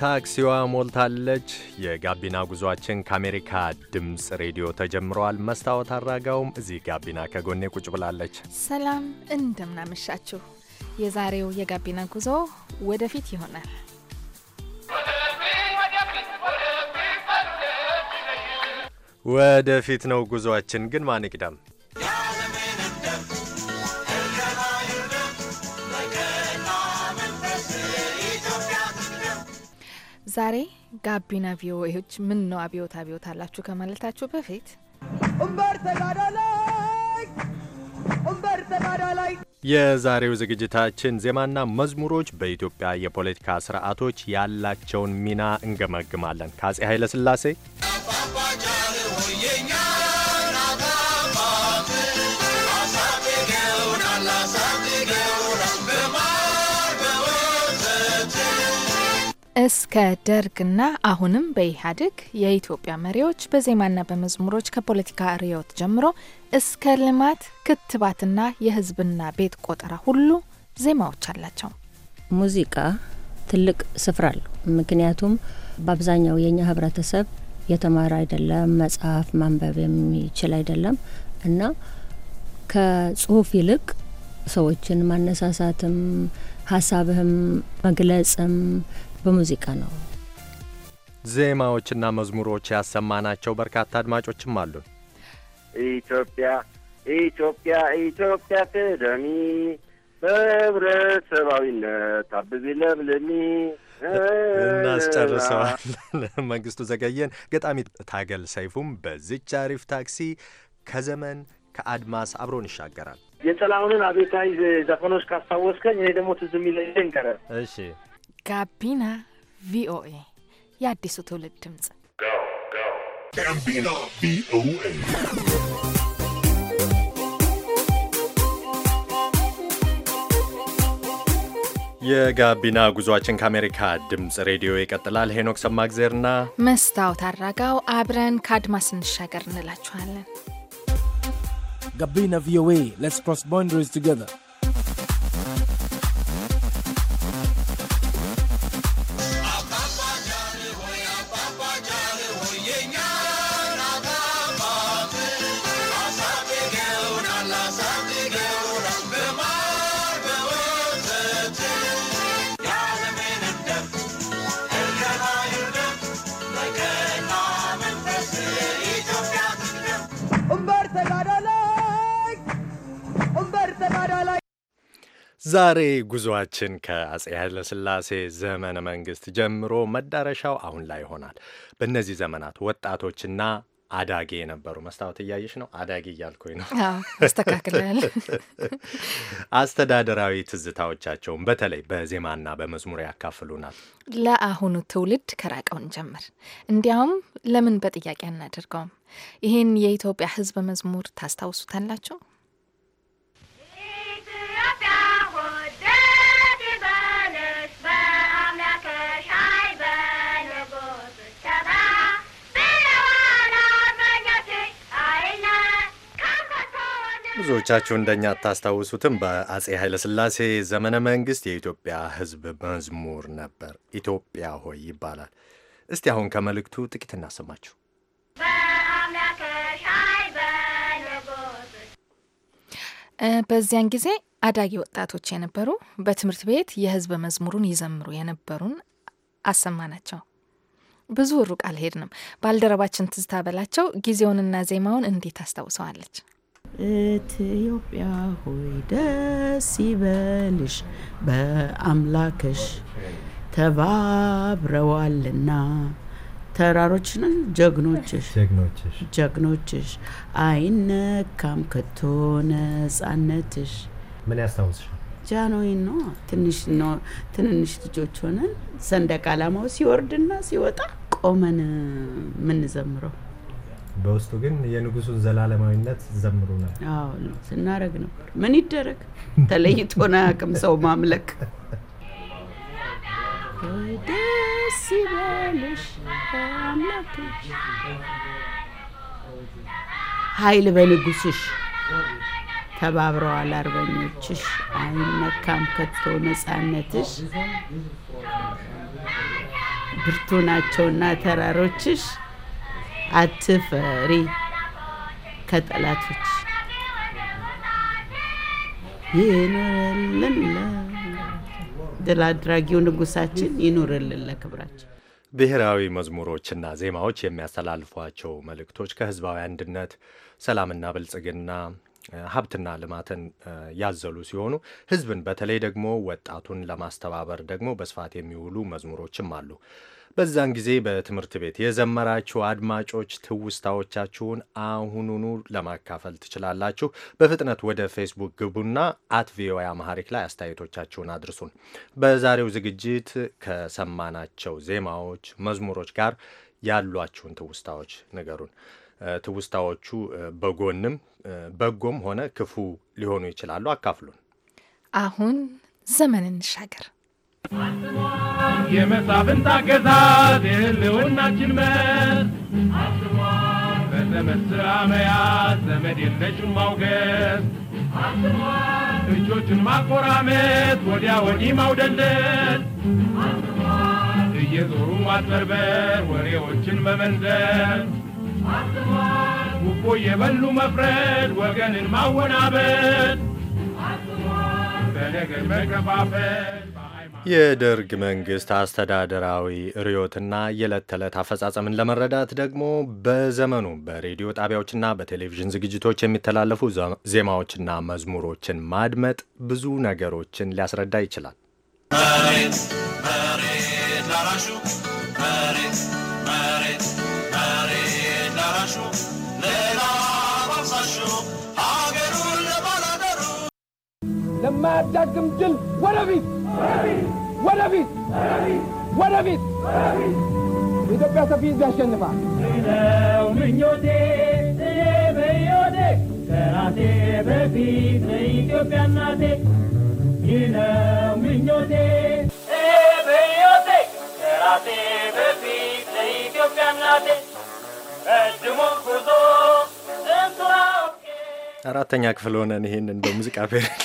ታክሲዋ ሞልታለች። የጋቢና ጉዟችን ከአሜሪካ ድምፅ ሬዲዮ ተጀምረዋል። መስታወት አራጋውም እዚህ ጋቢና ከጎኔ ቁጭ ብላለች። ሰላም እንደምናመሻችሁ። የዛሬው የጋቢና ጉዞ ወደፊት ይሆናል። ወደፊት ነው ጉዟችን። ግን ማን ይቅደም? ዛሬ ጋቢና ቪኦኤዎች ምን ነው አብዮት አብዮት አላችሁ ከማለታችሁ በፊት እምበር ተጋዳ እምበር የዛሬው ዝግጅታችን ዜማና መዝሙሮች በኢትዮጵያ የፖለቲካ ስርዓቶች ያላቸውን ሚና እንገመግማለን። ከአጼ ወየኛ እስከ ደርግና አሁንም በኢህአዴግ የኢትዮጵያ መሪዎች በዜማና በመዝሙሮች ከፖለቲካ ርዕዮት ጀምሮ እስከ ልማት፣ ክትባትና የህዝብና ቤት ቆጠራ ሁሉ ዜማዎች አላቸው። ሙዚቃ ትልቅ ስፍራ አለው። ምክንያቱም በአብዛኛው የእኛ ህብረተሰብ የተማረ አይደለም፣ መጽሐፍ ማንበብ የሚችል አይደለም እና ከጽሁፍ ይልቅ ሰዎችን ማነሳሳትም ሀሳብህም መግለጽም በሙዚቃ ነው። ዜማዎችና መዝሙሮች ያሰማናቸው በርካታ አድማጮችም አሉ። ኢትዮጵያ ኢትዮጵያ ኢትዮጵያ ቅደሚ፣ በህብረተሰባዊነት አብቢ ለምልሚ። እናስጨርሰዋለን። መንግስቱ ዘገየን፣ ገጣሚ ታገል ሰይፉም በዚች አሪፍ ታክሲ ከዘመን ከአድማስ አብሮን ይሻገራል። የጥላሁንን አቤታይ ዘፈኖች ካስታወስከኝ እኔ ደግሞ ትዝ የሚለኝ ይንገረ እሺ ጋቢና ቪኦኤ የአዲሱ ትውልድ ድምፅ። የጋቢና ጉዟችን ከአሜሪካ ድምፅ ሬዲዮ ይቀጥላል። ሄኖክ ሰማግዜርና መስታወት አራጋው አብረን ከአድማስ እንሻገር እንላችኋለን። ጋቢና ቪኦኤ ሌትስ ክሮስ ቦንደሪስ ቱጌዘር ዛሬ ጉዞአችን ከአጼ ኃይለሥላሴ ዘመነ መንግስት ጀምሮ መዳረሻው አሁን ላይ ይሆናል። በእነዚህ ዘመናት ወጣቶችና አዳጌ የነበሩ መስታወት እያየሽ ነው። አዳጌ እያልኩኝ ነው፣ አስተካክላል። አስተዳደራዊ ትዝታዎቻቸውን በተለይ በዜማና በመዝሙር ያካፍሉናል። ለአሁኑ ትውልድ ከራቀውን ጀምር። እንዲያውም ለምን በጥያቄ አናደርገውም? ይህን የኢትዮጵያ ሕዝብ መዝሙር ታስታውሱታላችሁ? ብዙዎቻችሁ እንደኛ አታስታውሱትም። በአጼ ኃይለሥላሴ ዘመነ መንግስት የኢትዮጵያ ሕዝብ መዝሙር ነበር፣ ኢትዮጵያ ሆይ ይባላል። እስቲ አሁን ከመልእክቱ ጥቂት እናሰማችሁ። በዚያን ጊዜ አዳጊ ወጣቶች የነበሩ በትምህርት ቤት የሕዝብ መዝሙሩን ይዘምሩ የነበሩን አሰማናቸው። ብዙ ሩቅ አልሄድንም። ባልደረባችን ትዝታ በላቸው ጊዜውንና ዜማውን እንዴት አስታውሰዋለች። ኢትዮጵያ ሆይ ደስ ይበልሽ በአምላክሽ ተባብረዋልና ተራሮችን ጀግኖችሽ ጀግኖችሽ አይነካም ከቶ ነጻነትሽ። ምን ያስታውስሽ? ጃንሆይን ነው። ትንሽ ነው ትንንሽ ልጆች ሆነን ሰንደቅ ዓላማው ሲወርድና ሲወጣ ቆመን ምንዘምረው በውስጡ ግን የንጉሱን ዘላለማዊነት ዘምሩናል። አዎ ነው ስናረግ ነበር። ምን ይደረግ ተለይቶን አያውቅም ሰው ማምለክ። ደስ ይበልሽ አምላክሽ፣ ኃይል በንጉስሽ፣ ተባብረዋል አርበኞችሽ፣ አይመካም ከቶ ነጻነትሽ፣ ብርቱ ናቸውና ተራሮችሽ አትፈሪ ከጠላቶች ይኑርልን ድል አድራጊው ንጉሳችን ይኑርልን ለክብራችን። ብሔራዊ መዝሙሮችና ዜማዎች የሚያስተላልፏቸው መልእክቶች ከህዝባዊ አንድነት፣ ሰላምና ብልጽግና፣ ሀብትና ልማትን ያዘሉ ሲሆኑ ህዝብን በተለይ ደግሞ ወጣቱን ለማስተባበር ደግሞ በስፋት የሚውሉ መዝሙሮችም አሉ። በዛን ጊዜ በትምህርት ቤት የዘመራችሁ አድማጮች ትውስታዎቻችሁን አሁኑኑ ለማካፈል ትችላላችሁ። በፍጥነት ወደ ፌስቡክ ግቡና አት ቪኦኤ አማሐሪክ ላይ አስተያየቶቻችሁን አድርሱን። በዛሬው ዝግጅት ከሰማናቸው ዜማዎች፣ መዝሙሮች ጋር ያሏችሁን ትውስታዎች ንገሩን። ትውስታዎቹ በጎንም በጎም ሆነ ክፉ ሊሆኑ ይችላሉ። አካፍሉን። አሁን ዘመን እንሻገር። የመሳፍንታ አገዛዝ የህልውናችን መስ በዘመን ስራ መያዝ ዘመድ የለሽም ማውገዝ እጆችን ማቆራመት ወዲያ ወዲህ ማውደለት እየዞሩ ማጭበርበር ወሬዎችን መመንዘር ጉቦ የበሉ መፍረድ ወገንን ማወናበድ በነገር መከፋፈል የደርግ መንግስት አስተዳደራዊ ርዮትና የዕለት ተዕለት አፈጻጸምን ለመረዳት ደግሞ በዘመኑ በሬዲዮ ጣቢያዎችና በቴሌቪዥን ዝግጅቶች የሚተላለፉ ዜማዎችና መዝሙሮችን ማድመጥ ብዙ ነገሮችን ሊያስረዳ ይችላል። መሬት መሬት መሬት ለማያዳግም ድል ወደፊት ወደፊት ወደፊት የኢትዮጵያ ሰፊ ሕዝብ ያሸንፋል ነው ምኞቴ እኔ በዮቴ ከራሴ በፊት ለኢትዮጵያ እናቴ ይህ ምኞቴ በዮቴ ከራሴ በፊት ለኢትዮጵያ እናቴ ቀድሞ አራተኛ ክፍል ሆነን ይሄንን በሙዚቃ ፔሬድ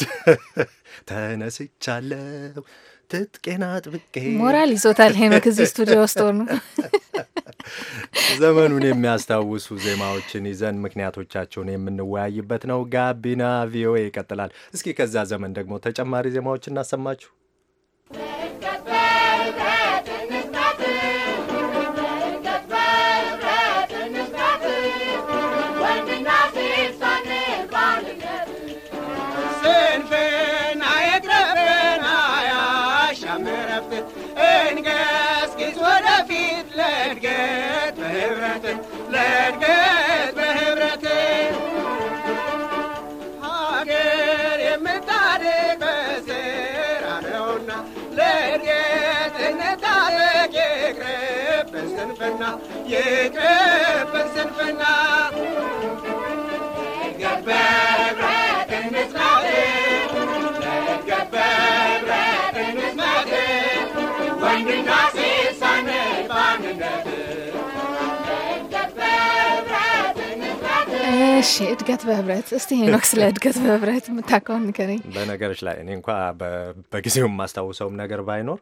ተነስቻለሁ ትጥቄና ጥብቄ ሞራል ይዞታል ሄኖክ እዚህ ስቱዲዮ ውስጥ ሆኑ ዘመኑን የሚያስታውሱ ዜማዎችን ይዘን ምክንያቶቻቸውን የምንወያይበት ነው። ጋቢና ቪኦኤ ይቀጥላል። እስኪ ከዛ ዘመን ደግሞ ተጨማሪ ዜማዎች እናሰማችሁ። የቅርብን ስንፍና እሺ እድገት በህብረት እስቲ ሄኖክ ስለ እድገት በህብረት የምታውቀውን ንገረኝ። በነገሮች ላይ እኔ እንኳ በጊዜው የማስታውሰውም ነገር ባይኖር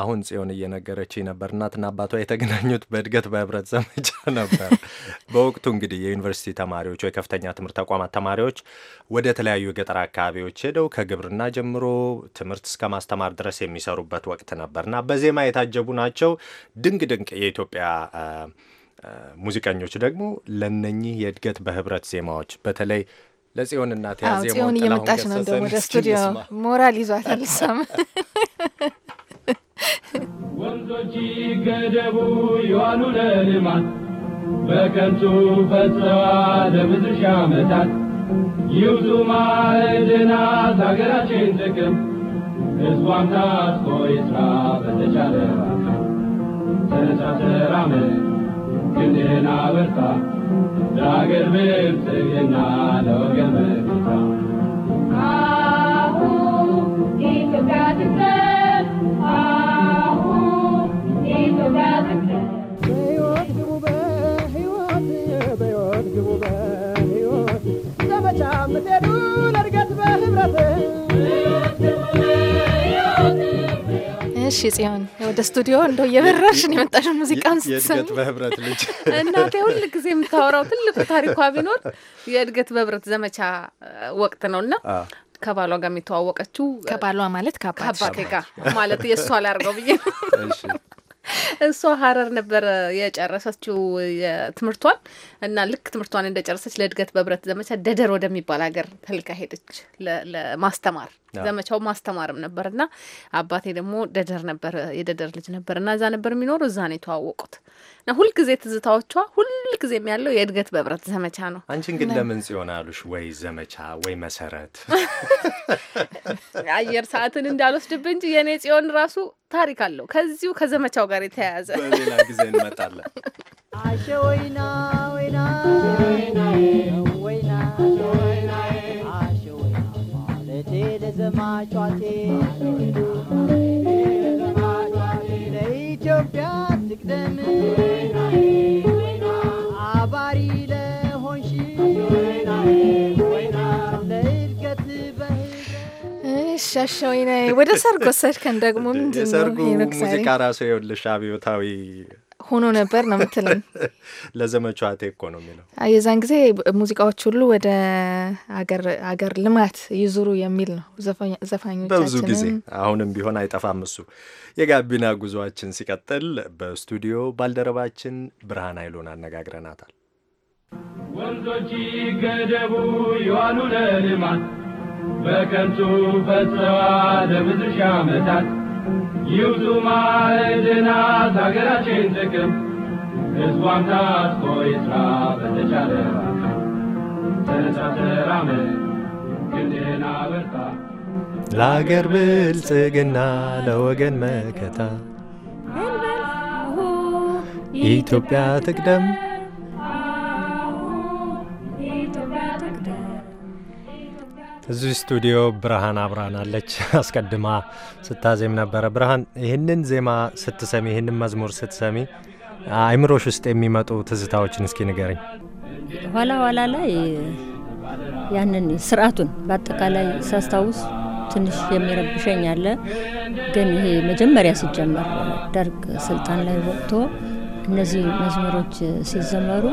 አሁን ጽዮን እየነገረች ነበር። እናትና አባቷ የተገናኙት በእድገት በህብረት ዘመቻ ነበር። በወቅቱ እንግዲህ የዩኒቨርሲቲ ተማሪዎች ወይ ከፍተኛ ትምህርት ተቋማት ተማሪዎች ወደ ተለያዩ የገጠር አካባቢዎች ሄደው ከግብርና ጀምሮ ትምህርት እስከ ማስተማር ድረስ የሚሰሩበት ወቅት ነበር እና በዜማ የታጀቡ ናቸው ድንቅ ድንቅ የኢትዮጵያ ሙዚቀኞች ደግሞ ለነኚህ የእድገት በህብረት ዜማዎች በተለይ ለጽዮን እናት ጽዮን እየመጣች ነው ደግሞ ወደ ስቱዲዮ ሞራል ይዟት አልሳም ወንዞች ገደቡ የዋሉ ለልማት በከንቱ ፈጽዋል ለብዙሽ ዓመታት ይውጡ ማዕድናት ሀገራችን ጥቅም ሕዝቧም ታጥቆ ይስራ በተቻለ ተነሳሰራምን ግድህን አበርታ ለአገር ብልጽግና ለወገን መከታ ኢትዮጵያ ትቅደም አሁ ኢትዮጵያ ትቅደም እሺ ጽዮን ወደ ስቱዲዮ እንደው ነው የመጣሽ ሙዚቃን ስትሰሚ በህብረት ልጅ እናቴ ሁል ጊዜ የምታወራው ትልቁ ታሪኳ ቢኖር የእድገት በህብረት ዘመቻ ወቅት ነው እና ከባሏ ጋር የሚተዋወቀችው ከባሏ ማለት ከአባቴ ጋር ማለት የእሷ ላርገው ብዬ ነው እሷ ሀረር ነበረ የጨረሰችው ትምህርቷን እና ልክ ትምህርቷን እንደጨረሰች ለእድገት በህብረት ዘመቻ ደደር ወደሚባል ሀገር ተልካ ሄደች ለማስተማር ዘመቻው ማስተማርም ነበር እና አባቴ ደግሞ ደደር ነበር፣ የደደር ልጅ ነበር እና እዛ ነበር የሚኖሩ። እዛ ነው የተዋወቁት እና ሁልጊዜ ትዝታዎቿ ሁልጊዜም ያለው የእድገት በብረት ዘመቻ ነው። አንቺን ግን ለምን ጽዮን አሉሽ? ወይ ዘመቻ ወይ መሰረት አየር ሰዓትን እንዳልወስድብ እንጂ የእኔ ጽዮን ራሱ ታሪክ አለው ከዚሁ ከዘመቻው ጋር የተያያዘ በሌላ ጊዜ እንመጣለን። አሸ ወይና ወይና ለዘማቿቴ ለኢትዮጵያ ትቅደም አባሪ ለሆንሽ ወደ ሰርግ ወሰድከን ደግሞ ምንድን ነው ሙዚቃ ራሱ የውልሽ አብዮታዊ ሆኖ ነበር ነው ምትለን። ለዘመቻዋ እኮ ነው የሚለው። የዛን ጊዜ ሙዚቃዎች ሁሉ ወደ አገር ልማት ይዙሩ የሚል ነው ዘፋኞች። በብዙ ጊዜ አሁንም ቢሆን አይጠፋም እሱ። የጋቢና ጉዞአችን ሲቀጥል በስቱዲዮ ባልደረባችን ብርሃን ኃይሉን አነጋግረናታል። ወንዞች ይገደቡ ይዋሉ ለልማት በከንቱ ፈሰዋ ለብዙ ሺህ ዓመታት ይብዙ ማዕድናት አገራችን ጥቅም ሕዝቧም ታጥቆ ይስራ በተቻለ ተነሳ ተራመድ ክንድህን ለአገር ብልጽግና ለወገን መከታ ኢትዮጵያ ትቅደም እዚህ ስቱዲዮ ብርሃን አብራናለች። አስቀድማ ስታዜም ነበረ። ብርሃን፣ ይህንን ዜማ ስትሰሚ፣ ይህንን መዝሙር ስትሰሚ አይምሮሽ ውስጥ የሚመጡ ትዝታዎችን እስኪ ንገርኝ። ኋላ ኋላ ላይ ያንን ስርዓቱን በአጠቃላይ ሳስታውስ ትንሽ የሚረብሸኝ አለ። ግን ይሄ መጀመሪያ ሲጀመር ደርግ ስልጣን ላይ ወጥቶ እነዚህ መዝሙሮች ሲዘመሩ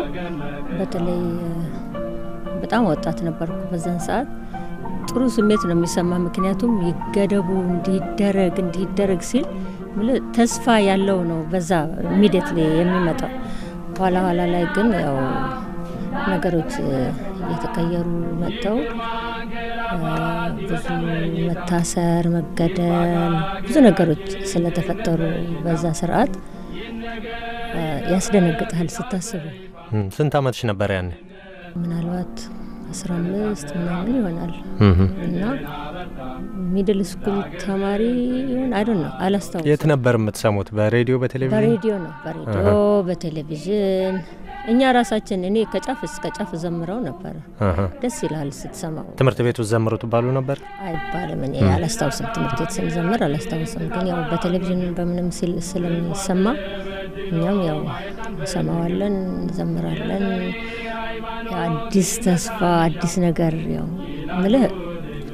በተለይ በጣም ወጣት ነበርኩ በዛን ሰዓት ጥሩ ስሜት ነው የሚሰማ። ምክንያቱም ይገደቡ እንዲደረግ እንዲደረግ ሲል ተስፋ ያለው ነው በዛ ሚደት የሚመጣው። ኋላ ኋላ ላይ ግን ያው ነገሮች እየተቀየሩ መጥተው ብዙ መታሰር፣ መገደል፣ ብዙ ነገሮች ስለተፈጠሩ በዛ ስርዓት ያስደነግጣል ስታስቡ። ስንት አመትሽ ነበር ያኔ? ምናልባት አስራ አምስት ምናምን ይሆናል እና ሚድል ስኩል ተማሪ ይሁን አይዶ ነው አላስታውስ። የት ነበር የምትሰሙት? በሬዲዮ በቴሌቪዥን? በሬዲዮ ነው፣ በሬዲዮ በቴሌቪዥን። እኛ ራሳችን እኔ ከጫፍ እስከ ጫፍ ዘምረው ነበረ። ደስ ይላል ስትሰማው። ትምህርት ቤት ውስጥ ዘምሩ ትባሉ ነበር? አይባልም። እኔ አላስታውስም፣ ትምህርት ቤት ስንዘምር አላስታውስም። ግን ያው በቴሌቪዥን በምንም ስለሚሰማ እኛም ያው እንሰማዋለን፣ እንዘምራለን። የአዲስ ተስፋ አዲስ ነገር ያው ምልህ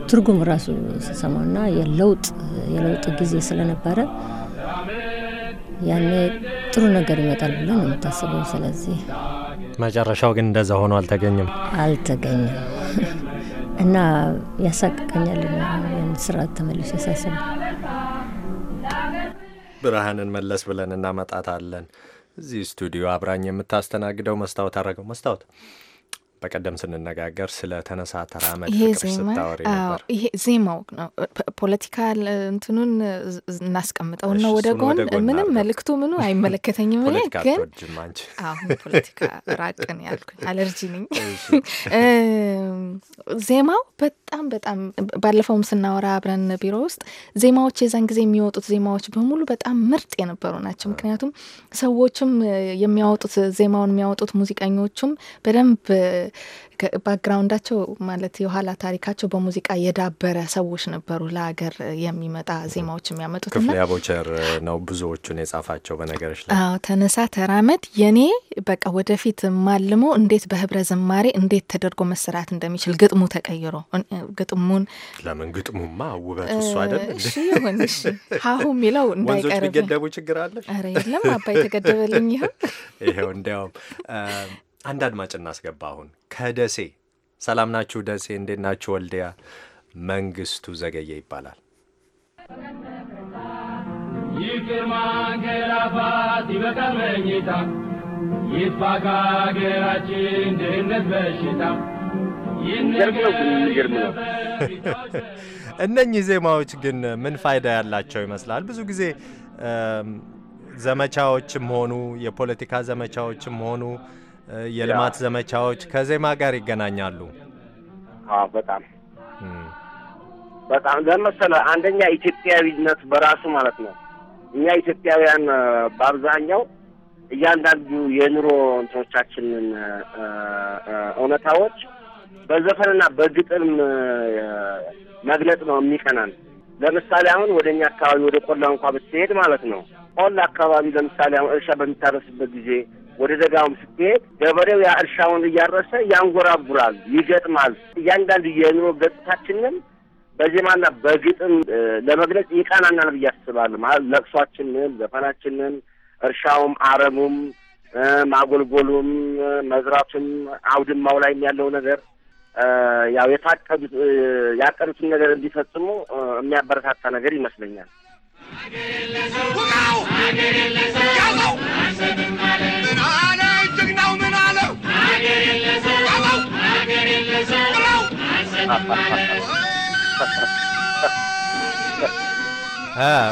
ትርጉም ራሱ ስሰማውና የለውጥ የለውጥ ጊዜ ስለነበረ ያኔ ጥሩ ነገር ይመጣል ብለን ነው የምታስበው። ስለዚህ መጨረሻው ግን እንደዛ ሆኖ አልተገኘም አልተገኘም እና ያሳቅቀኛል ስራ ተመልሶ ያሳስበ ብርሃንን መለስ ብለን እናመጣታለን። እዚህ ስቱዲዮ አብራኝ የምታስተናግደው መስታወት አረገው መስታወት በቀደም ስንነጋገር ስለ ተነሳ ተራመድ ፍቅር ስታወሪ ነበር። ይሄ ዜማው ነው። ፖለቲካል እንትኑን እናስቀምጠው ነው ወደ ጎን። ምንም መልእክቱ ምኑ አይመለከተኝም። እኔ ግን አሁን ፖለቲካ ራቅን ያልኩኝ አለርጂ ነኝ። ዜማው በጣም በጣም ባለፈውም ስናወራ አብረን ቢሮ ውስጥ ዜማዎች የዛን ጊዜ የሚወጡት ዜማዎች በሙሉ በጣም ምርጥ የነበሩ ናቸው። ምክንያቱም ሰዎችም የሚያወጡት ዜማውን የሚያወጡት ሙዚቀኞቹም በደንብ ባክግራውንዳቸው ማለት የኋላ ታሪካቸው በሙዚቃ የዳበረ ሰዎች ነበሩ። ለሀገር የሚመጣ ዜማዎች የሚያመጡት ክፍሌ ቦቸር ነው ብዙዎቹን የጻፋቸው። በነገሮች ላይ ተነሳ ተራመድ፣ የኔ በቃ ወደፊት ማልሞ እንዴት በህብረ ዝማሬ እንዴት ተደርጎ መሰራት እንደሚችል ግጥሙ ተቀይሮ ግጥሙን ለምን ግጥሙማ ውበት እሱ አይደል ሀሁ የሚለው እንዳይቀርብ ገደቡ ችግር አለ። ኧረ የለም አባይ ተገደበልኝ። ይኸው ይኸው እንዲያውም አንድ አድማጭ እናስገባ። አሁን ከደሴ ሰላም ናችሁ? ደሴ እንዴት ናችሁ? ወልዲያ መንግስቱ ዘገየ ይባላል። ይቅርማ መኝታ ድህነት በሽታ እነኚህ ዜማዎች ግን ምን ፋይዳ ያላቸው ይመስላል? ብዙ ጊዜ ዘመቻዎችም ሆኑ የፖለቲካ ዘመቻዎችም ሆኑ የልማት ዘመቻዎች ከዜማ ጋር ይገናኛሉ። በጣም በጣም ለመሰለ አንደኛ ኢትዮጵያዊነት በራሱ ማለት ነው። እኛ ኢትዮጵያውያን በአብዛኛው እያንዳንዱ የኑሮ እንትኖቻችንን እውነታዎች በዘፈንና በግጥም መግለጽ ነው የሚቀናን። ለምሳሌ አሁን ወደ እኛ አካባቢ ወደ ቆላ እንኳ ብትሄድ ማለት ነው ቆላ አካባቢ ለምሳሌ አሁን እርሻ በሚታረስበት ጊዜ ወደ ደጋውም ስትሄድ ገበሬው የእርሻውን እያረሰ ያንጎራጉራል፣ ይገጥማል። እያንዳንዱ የኑሮ ገጽታችንን በዜማና በግጥም ለመግለጽ ይቃናናል ብዬ አስባለሁ። ማለት ለቅሷችንም፣ ዘፈናችንም፣ እርሻውም፣ አረሙም፣ ማጎልጎሉም፣ መዝራቱም፣ አውድማው ላይም ያለው ነገር ያው የታቀዱት ያቀዱትን ነገር እንዲፈጽሙ የሚያበረታታ ነገር ይመስለኛል።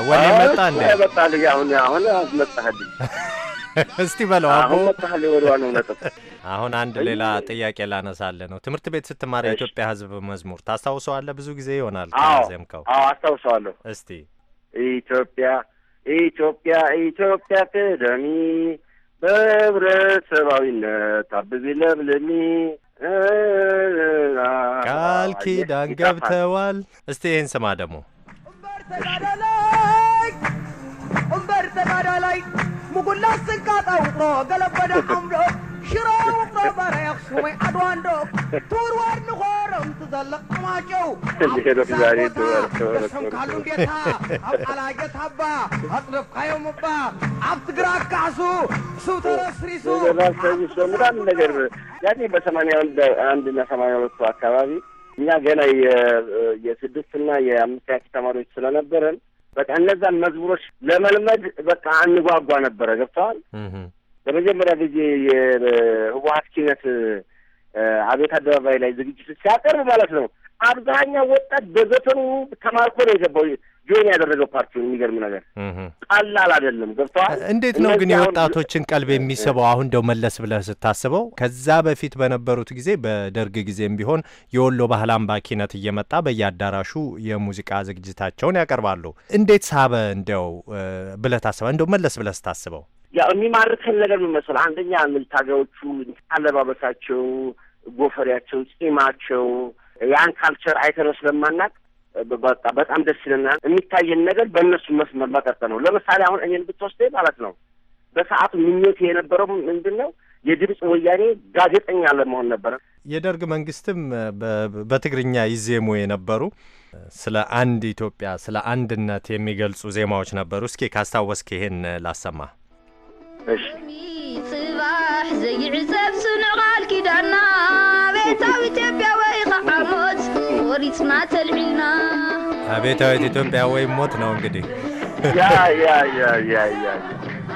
ወኔ መጣ እንዴ? መጣልኝ። አሁን አሁን አስመጣህልኝ። እስቲ በለው አሁን አሁን አንድ ሌላ ጥያቄ ላነሳለ ነው። ትምህርት ቤት ስትማር የኢትዮጵያ ሕዝብ መዝሙር ታስታውሰዋለህ? ብዙ ጊዜ ይሆናል ከዘምከው። አዎ አስታውሰዋለሁ። እስቲ ኢትዮጵያ ኢትዮጵያ ኢትዮጵያ ቅደሚ በህብረተሰባዊነት አብቢ ለምልሚ ቃል ኪዳን ገብተዋል። እስቲ ይህን ስማ ደግሞ እምበር ተጋዳ ላይ ሙጉላ ስንቃጣ ገለበደ አምሮ ጌታ ኣብ ኣባ ኣብ ትግራ ነገር ያኔ በሰማንያ አንድ እና ሰማንያ ሁለቱ አካባቢ እኛ ገና የስድስትና ተማሪዎች ስለነበረን በቃ እነዛን መዝሙሮች ለመልመድ በቃ አንጓጓ ነበረ። ገብተዋል በመጀመሪያ ጊዜ የህወሀት ኪነት አቤት አደባባይ ላይ ዝግጅት ሲያቀርብ ማለት ነው አብዛኛው ወጣት በዘፈኑ ተማርኮ ነው የገባው ጆይን ያደረገው ፓርቲውን። የሚገርም ነገር ቀላል አይደለም። ገብተዋል። እንዴት ነው ግን የወጣቶችን ቀልብ የሚስበው? አሁን እንደው መለስ ብለህ ስታስበው ከዛ በፊት በነበሩት ጊዜ በደርግ ጊዜም ቢሆን የወሎ ባህል አምባ ኪነት እየመጣ በየአዳራሹ የሙዚቃ ዝግጅታቸውን ያቀርባሉ። እንዴት ሳበ እንደው ብለህ ታስበ እንደው መለስ ብለህ ስታስበው ያው የሚማርከን ነገር ምን መሰለህ፣ አንደኛ ምልት ሀገሮቹ አለባበሳቸው፣ ጎፈሪያቸው፣ ጺማቸው ያን ካልቸር አይተነ ስለማናቅ በቃ በጣም ደስ ይለናል። የሚታየን ነገር በእነሱ መስመር መቀጠል ነው። ለምሳሌ አሁን እኔን ብትወስደኝ ማለት ነው በሰዓቱ ምኞቴ የነበረው ምንድን ነው የድምፅ ወያኔ ጋዜጠኛ ለመሆን ነበረ። የደርግ መንግስትም በትግርኛ ይዜሙ የነበሩ ስለ አንድ ኢትዮጵያ ስለ አንድነት የሚገልጹ ዜማዎች ነበሩ። እስኪ ካስታወስክ ይሄን ላሰማ። ፅባሕ ዘይዕዘብ ስንቓል ኪዳና ቤታዊ ኢትዮጵያ ወይ ከዓ ሞት ወሪፅና ተልዒና ቤታዊት ኢትዮጵያ ወይ ሞት ነው እንግዲህ ያ ያ ያ ያ ያ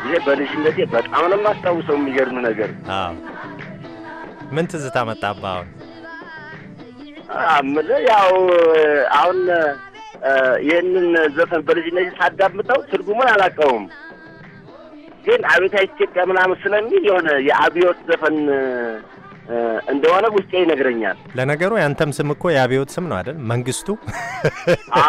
ይሄ በልጅነቴ በጣም ነው የማስታውሰው። የሚገርም ነገር ምን ትዝታ መጣባ? አሁን ያው አሁን ይህንን ዘፈን በልጅነቴ ሳዳምጠው ትርጉሙን አላውቀውም። ግን አቤታ ኢትዮጵያ ምናምን ስለሚል የሆነ የአብዮት ዘፈን እንደሆነ ውስጤ ይነግረኛል። ለነገሩ ያንተም ስም እኮ የአብዮት ስም ነው አይደል? መንግስቱ።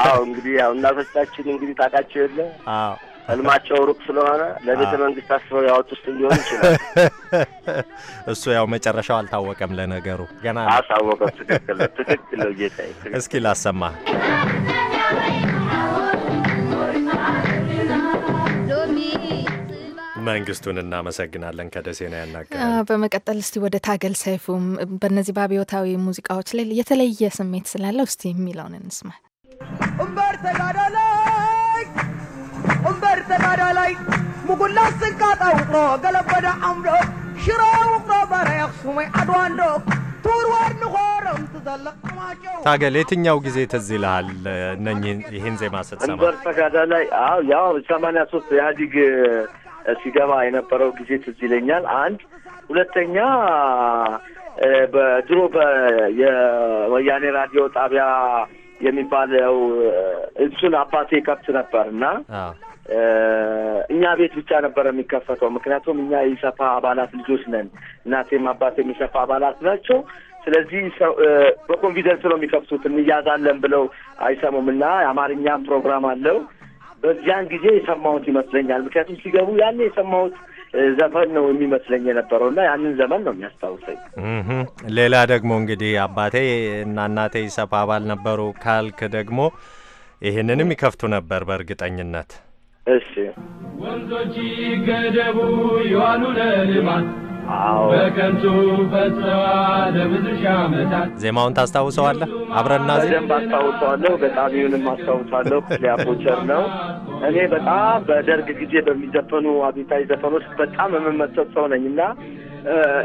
አዎ እንግዲህ ያው እናቶቻችን እንግዲህ ታውቃቸው የለ አዎ ህልማቸው ሩቅ ስለሆነ ለቤተ መንግስት አስበው ያወጡ ውስጥ ሊሆን ይችላል። እሱ ያው መጨረሻው አልታወቀም። ለነገሩ ገና አልታወቀም። ትክክል ትክክል ነው ጌታዬ። እስኪ ላሰማህ መንግስቱን እናመሰግናለን። ከደሴ ነው ያናገረን። በመቀጠል እስቲ ወደ ታገል ሰይፉም በእነዚህ በአብዮታዊ ሙዚቃዎች ላይ የተለየ ስሜት ስላለው እስቲ የሚለውን እንስማ። እምበር ተጋዳላይ እምበር ተጋዳላይ ሙጉላ ስንቃጣ ውቅሮ ገለበደ አምዶ ሽሮ ውቅሮ በራይ አክሱማይ አድዋንዶ ታገል የትኛው ጊዜ ትዝ ይልሃል? እነ ይህን ዜማ ስትሰማ እምበር ተጋዳላይ ያው ሰማንያ ሶስት ኢህአዲግ ሲገባ የነበረው ጊዜ ትዝ ይለኛል። አንድ ሁለተኛ በድሮ የወያኔ ራዲዮ ጣቢያ የሚባለው እሱን አባቴ ከብት ነበር እና እኛ ቤት ብቻ ነበር የሚከፈተው። ምክንያቱም እኛ የኢሰፓ አባላት ልጆች ነን። እናቴም አባቴ የኢሰፓ አባላት ናቸው። ስለዚህ በኮንፊደንስ ነው የሚከፍቱት። እንያዛለን ብለው አይሰሙም እና የአማርኛ ፕሮግራም አለው በዚያን ጊዜ የሰማሁት ይመስለኛል። ምክንያቱም ሲገቡ ያኔ የሰማሁት ዘፈን ነው የሚመስለኝ የነበረው እና ያንን ዘመን ነው የሚያስታውሰኝ። ሌላ ደግሞ እንግዲህ አባቴ እና እናቴ ኢሰፓ አባል ነበሩ ካልክ ደግሞ ይህንንም ይከፍቱ ነበር በእርግጠኝነት። እሺ ወንዞች ይገደቡ ይዋሉ ለልማት በከንቱ ፈጽመዋል ብዙ ሺህ ዓመታት። ዜማውን ታስታውሰዋለህ? አብረና በደንብ አስታውሰዋለሁ። ገጣሚውንም አስታውሳለሁ። ሊያፖቸር ነው። እኔ በጣም በደርግ ጊዜ በሚዘፈኑ አብዮታዊ ዘፈኖች በጣም የምመሰጥ ሰው ነኝ እና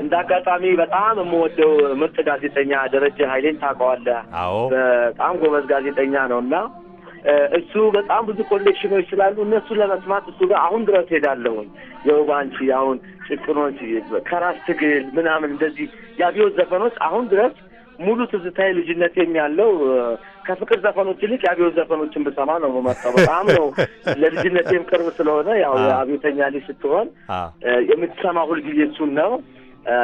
እንደ አጋጣሚ በጣም የምወደው ምርጥ ጋዜጠኛ ደረጀ ኃይሌን ታውቀዋለህ? አዎ፣ በጣም ጎበዝ ጋዜጠኛ ነው እና እሱ በጣም ብዙ ኮሌክሽኖች ስላሉ እነሱን ለመስማት እሱ ጋር አሁን ድረስ ሄዳለሁኝ። የውባንቺ አሁን ጭቅኖች፣ ከራስ ትግል ምናምን እንደዚህ የአብዮት ዘፈኖች አሁን ድረስ ሙሉ ትዝታይ ልጅነት የሚያለው ከፍቅር ዘፈኖች ይልቅ የአብዮት ዘፈኖችን ብሰማ ነው መጣ። በጣም ነው ለልጅነቴም ቅርብ ስለሆነ ያው አብዮተኛ ልጅ ስትሆን የምትሰማ ሁልጊዜ እሱን ነው።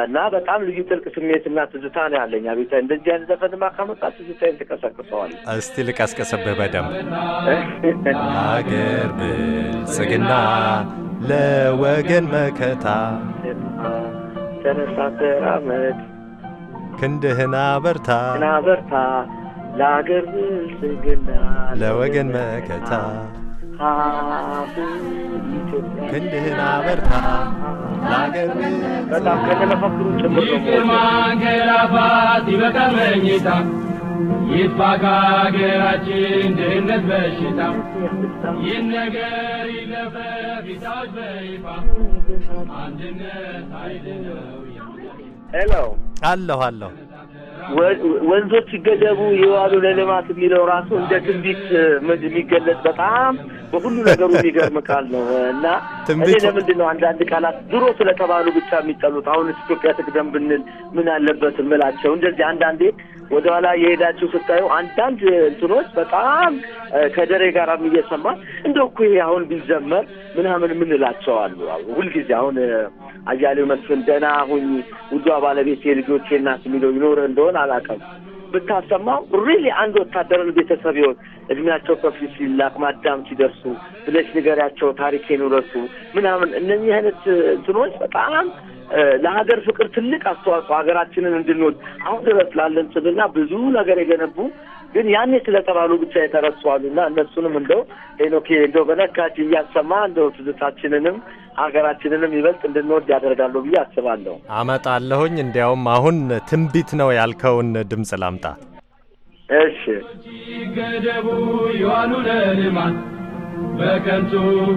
እና በጣም ልዩ ጥልቅ ስሜት እና ትዝታ ነው ያለኝ። አቤት እንደዚህ አይነት ዘፈንማ ከመጣ ትዝታዬን ትቀሰቅሰዋል። እስቲ ልቀሰቅስብህ በደምብ አገር ብልጽግና ለወገን መከታ ተነሳ ተራመድ ክንድህና በርታ በርታ ለአገር ብልጽግና ለወገን መከታ ክንድህን አበርታ ለአገር በጣም ከተመፈክሩ ጭምር ይቅር ማንገላፋት ድህነት በሽታ ይህ ነገር ይለፈፍ ይታወጅ በይፋ አንድነት ኃይል ነው። ሄሎ አለሁ አለሁ ወንዞች ይገደቡ ይዋሉ ለልማት የሚለው ራሱ እንደ ትንቢት የሚገለጽ በጣም በሁሉ ነገሩ የሚገርም ቃል ነው እና እኔ ለምንድን ነው አንዳንድ ቃላት ድሮ ስለተባሉ ብቻ የሚጠሉት? አሁን ኢትዮጵያ ትቅደም ብንል ምን አለበት ምላቸው? እንደዚህ አንዳንዴ ወደኋላ የሄዳችሁ ስታዩ አንዳንድ እንትኖች በጣም ከደሬ ጋር እየሰማ እንደው እኮ ይሄ አሁን ቢዘመር ምናምን ምንላቸዋሉ አሉ ሁልጊዜ አሁን አያሌው መስፍን ደህና ሁኝ ውዷ ባለቤት የልጆቼ እናት የሚለው ይኖረ እንደሆን አላውቅም። ብታሰማው ሪሊ አንድ ወታደርን ቤተሰብ ይሆን እድሜያቸው ከፍ ሲል አቅማዳም ሲደርሱ ብለሽ ንገሪያቸው ታሪኬን ውረሱ ምናምን እነዚህ አይነት እንትኖች በጣም ለሀገር ፍቅር ትልቅ አስተዋጽኦ ሀገራችንን እንድንወድ አሁን ድረስ ላለን ስልና ብዙ ነገር የገነቡ ግን ያኔ ስለተባሉ ብቻ የተረሷሉ እና እነሱንም እንደው ሄኖክ እንደው በነካች እያሰማ እንደው ትዝታችንንም ሀገራችንንም ይበልጥ እንድንወድ ያደርጋሉ ብዬ አስባለሁ። አመጣለሁኝ። እንዲያውም አሁን ትንቢት ነው ያልከውን ድምፅ ላምጣ። እሺ ገደቡ የዋሉ ለልማት በከንቱ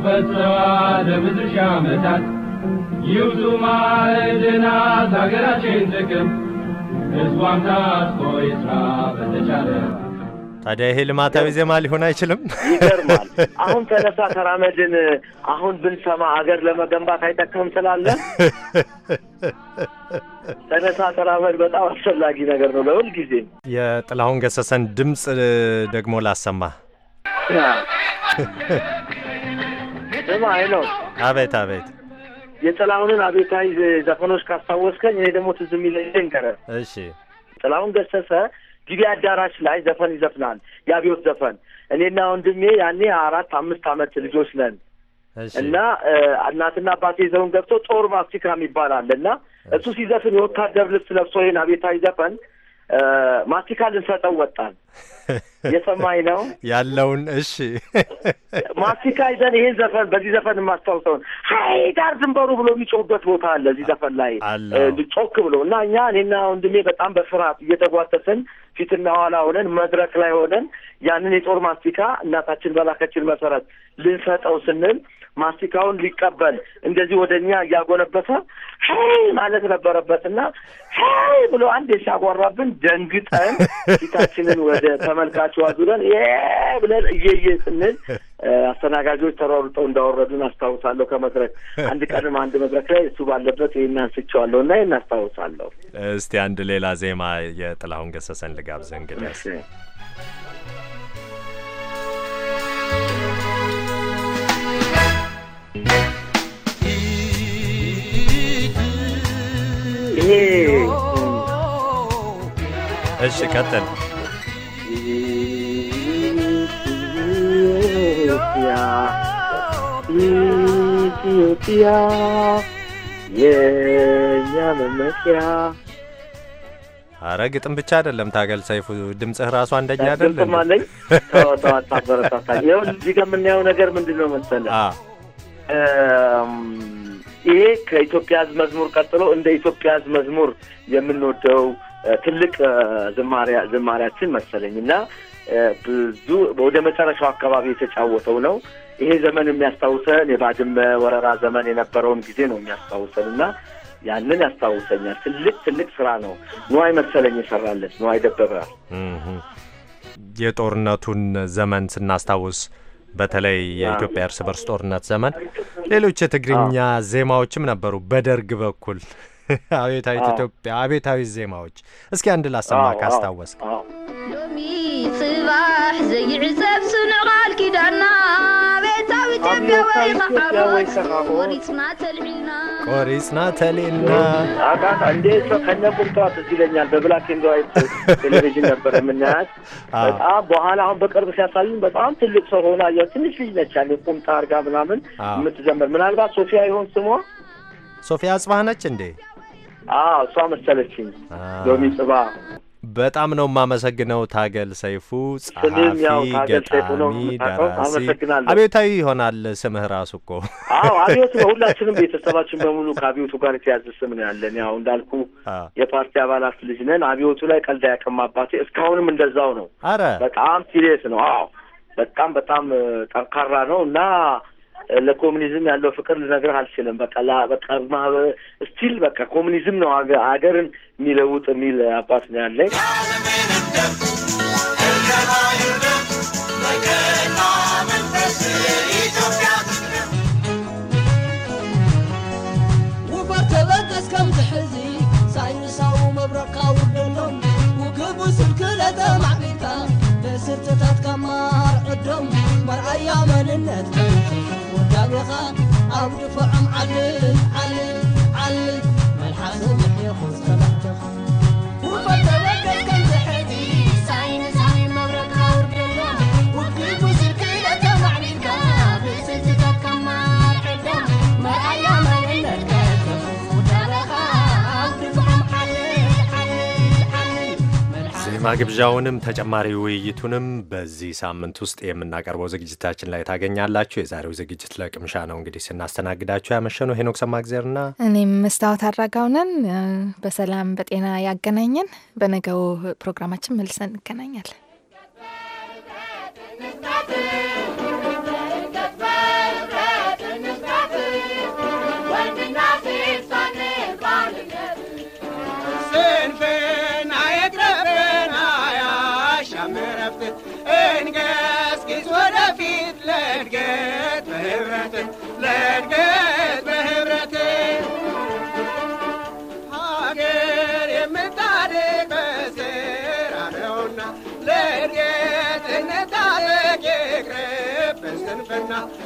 ፈሰዋል ለብዙ ሺህ ዓመታት ይውጡ ማዕድናት ሀገራችን ጥቅም ህዝቧም ታጥቆ ይስራ በተቻለ ታዲያ ይሄ ልማታዊ ዜማ ሊሆን አይችልም? ይገርማል። አሁን ተነሳ ተራመድን አሁን ብንሰማ አገር ለመገንባት አይጠቅምም ስላለ ተነሳ ተራመድ በጣም አስፈላጊ ነገር ነው ለሁል ጊዜ። የጥላሁን ገሰሰን ድምፅ ደግሞ ላሰማ። ስማ አይነው። አቤት አቤት። የጥላሁንን አቤታዊ ዘፈኖች ካስታወስከኝ እኔ ደግሞ ትዝ የሚለኝ እሺ ጥላሁን ገሰሰ ጊቢ አዳራሽ ላይ ዘፈን ይዘፍናል፣ የአብዮት ዘፈን። እኔና ወንድሜ ያኔ አራት አምስት አመት ልጆች ነን እና እናትና አባቴ ይዘውን ገብቶ ጦር ማስቲካ የሚባል አለ እና እሱ ሲዘፍን የወታደር ልብስ ለብሶ ይህን አቤታዊ ዘፈን ማስቲካ ልንሰጠው ወጣን። የሰማኝ ነው ያለውን። እሺ ማስቲካ ይዘን ይህን ዘፈን በዚህ ዘፈን የማስታውሰውን ሀይ ዳር ድንበሩ ብሎ የሚጮህበት ቦታ አለ እዚህ ዘፈን ላይ ጮክ ብሎ እና እኛ እኔና ወንድሜ በጣም በፍርሃት እየተጓተትን ፊትና ኋላ ሆነን መድረክ ላይ ሆነን ያንን የጦር ማስቲካ እናታችን በላከችን መሰረት ልንሰጠው ስንል ማስቲካውን ሊቀበል እንደዚህ ወደ እኛ እያጎነበሰ ሄይ ማለት ነበረበትና ሄይ ብሎ አንድ የሻጓራብን ደንግጠን ፊታችንን ወደ ተመልካቹ አዙረን ይሄ ብለን እየየ ስንል አስተናጋጆች ተሯሩጠው እንዳወረዱን አስታውሳለሁ። ከመድረክ አንድ ቀንም አንድ መድረክ ላይ እሱ ባለበት ይህን አንስቼዋለሁ እና ይህን አስታውሳለሁ። እስቲ አንድ ሌላ ዜማ የጥላሁን ገሰሰን ልጋብ። እንግዲህ እሺ كتل ኢትዮጵያ የእኛ መመኪያ። አረ ግጥም ብቻ አይደለም ታገል ሰይፉ፣ ድምጽ ራሱ አንደኛ አይደለም። ግጥም አለኝ ይኸው እዚህ ጋር የምናየው ነገር ምንድን ነው መሰለህ? ይሄ ከኢትዮጵያ ሕዝብ መዝሙር ቀጥሎ እንደ ኢትዮጵያ ሕዝብ መዝሙር የምንወደው ትልቅ ዝማሪያችን መሰለኝ እና ብዙ ወደ መጨረሻው አካባቢ የተጫወተው ነው። ይሄ ዘመን የሚያስታውሰን የባድመ ወረራ ዘመን የነበረውን ጊዜ ነው የሚያስታውሰን እና ያንን ያስታውሰኛል። ትልቅ ትልቅ ስራ ነው። ንዋይ መሰለኝ የሰራለት ንዋይ ደበበ። የጦርነቱን ዘመን ስናስታውስ በተለይ የኢትዮጵያ እርስ በርስ ጦርነት ዘመን ሌሎች የትግርኛ ዜማዎችም ነበሩ በደርግ በኩል አቤታዊ ኢትዮጵያ፣ አቤታዊ ዜማዎች። እስኪ አንድ ላሰማ ካስታወስክ። ሎሚ ፅባሕ ዘይዕዘብ ስኑዕ ቃል ኪዳና ቤታዊት ኢትዮጵያ ወይ ከዓሞት ተልዒልና ቆሪፅና ተልዒልና አካት እንዴ እሷ ከነ ቁምቷ ትዝ ይለኛል። በብላክ ኤንድ ዋይት ቴሌቪዥን ነበር የምናያት። በጣም በኋላ አሁን በቅርብ ሲያሳዩን በጣም ትልቅ ሰው ሆና ያው ትንሽ ልጅ ነች ያለ ቁምጣ አርጋ ምናምን የምትዘምር ምናልባት ሶፊያ ይሆን ስሟ ሶፊያ አጽባህ ነች እንዴ? አዎ እሷ መሰለችኝ ሎሚ ጽባ። በጣም ነው የማመሰግነው ታገል ሰይፉ ጸሐፊ፣ ገጣሚ፣ ደራሲ። አብዮታዊ ይሆናል ስምህ ራሱ እኮ። አዎ አብዮት ነው። ሁላችንም ቤተሰባችን በሙሉ ከአብዮቱ ጋር የተያዘ ስም ነው ያለን። ያው እንዳልኩ የፓርቲ አባላት ልጅ ነን። አብዮቱ ላይ ቀልድ አያውቅም አባቴ፣ እስካሁንም እንደዛው ነው። አረ በጣም ሲሪየስ ነው። አዎ በጣም በጣም ጠንካራ ነው እና ለኮሚኒዝም ያለው ፍቅር ልነግርህ አልችልም። በቃ በቃ ስቲል በቃ ኮሚኒዝም ነው ሀገርን የሚለውጥ የሚል አባት ነው ያለኝ። ስርትታት ከማር ዕዶም መርአያ መንነት تاريخا أبدفعهم علي علي ማግብዣውንም ግብዣውንም ተጨማሪ ውይይቱንም በዚህ ሳምንት ውስጥ የምናቀርበው ዝግጅታችን ላይ ታገኛላችሁ። የዛሬው ዝግጅት ለቅምሻ ነው። እንግዲህ ስናስተናግዳችሁ ያመሸኑ ሄኖክ ሰማእግዜርና እኔም መስታወት አድራጋው ነን። በሰላም በጤና ያገናኘን። በነገው ፕሮግራማችን መልሰን እንገናኛለን።